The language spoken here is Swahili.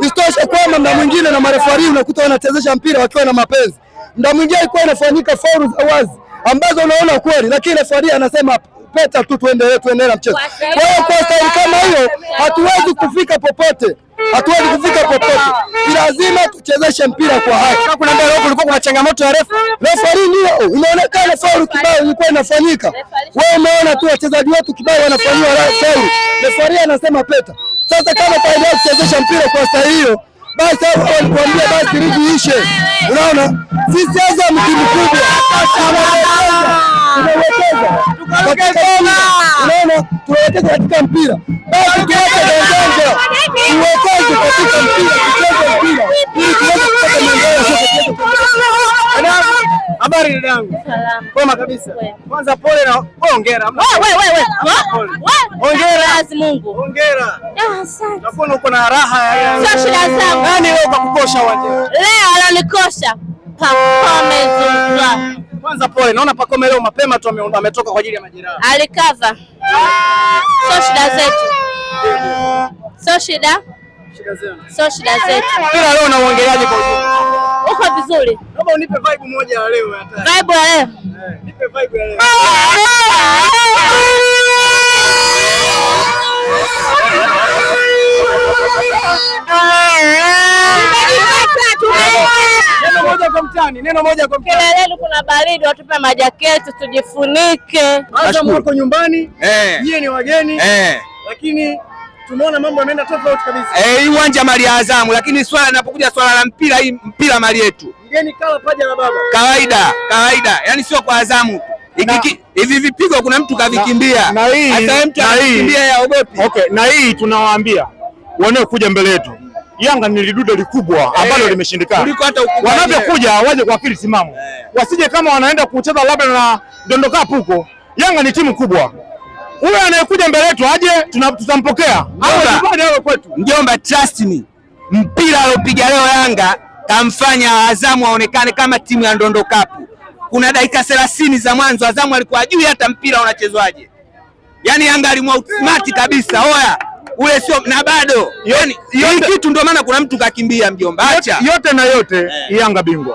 Isitoshe kwamba mda mwingine na marefari unakuta wanachezesha mpira wakiwa na mapenzi, mda mwingine ilikuwa inafanyika faulu za wazi ambazo unaona kweli, lakini refari anasema peta tu, tuendelee tuendelee na mchezo. Kwa hiyo kwa staili kama hiyo hatuwezi kufika popote, hatuwezi kufika popote, Ni lazima tuchezeshe mpira kwa haki. Kuna mbele huko kulikuwa kuna changamoto ya refa, refari ndio inaonekana faulu kibao ilikuwa inafanyika, wewe umeona tu wachezaji wetu kibao wanafanyiwa faulu, refari anasema peta. Sasa kama kwa kuchezesha mpira kwa staili hiyo, basi walikuambia basi ligi ishe. Unaona, sisi Azam timu kubwa, tunawekeza katika mpira basi Habari dadangu? Salama. Koma kabisa. Kwanza pole na oh, hongera. Wewe wewe wewe. Hongera. Mwenyezi Mungu. Hongera. Asante. Uko na raha ya. Sio shida zangu. Nani leo kakukosha wewe? Leo alonikosha Pakome. Kwanza pole, naona Pakome leo mapema tu ametoka kwa ajili ya majeraha. Alikava. Sio shida zetu. Sio shida. Sio shida zetu. Kila Leo unaongeleaje kwa vizuri. Naomba unipe vibe moja ya leo. hata. Vibe ya leo. Eh, nipe vibe ya leo. Neno moja kwa mtani, neno moja kwa mtani. Keleleni kuna baridi, watupe majaketi tujifunike. Azam wako nyumbani, eh. yeye ni wageni, eh. lakini tumeona mambo yameenda tofauti kabisa. Eh, hii uwanja mali ya Azamu, lakini swala linapokuja swala la mpira, hii mpira mali yetu. Mgeni yaani kala paja la baba. Kawaida, kawaida. Yaani sio kwa Azamu. Hivi vipigo kuna mtu kavikimbia. Na hii hata mtu anakimbia ya ogopi. Okay, na hii tunawaambia wanaokuja mbele yetu. Yanga ni lidude likubwa ambalo hey, eh, limeshindikana. Wanavyokuja waje kwa akili timamu. Hey. Eh. Wasije kama wanaenda kucheza labda na dondoka huko. Yanga ni timu kubwa. Huyo anayekuja mbele yetu aje, tutampokea. Hapo ndio kwetu. Mjomba, trust me. Mpira aliopiga leo Yanga kamfanya Azamu aonekane kama timu ya Ndondo Cup. Kuna dakika thelathini za mwanzo Azamu alikuwa hajui hata mpira unachezwaje, yaani Yanga alimwautimati kabisa. Oya ule sio na bado, yaani hii kitu ndio maana kuna mtu kakimbia mjomba. Acha yote na yote, eh. Yanga bingwa.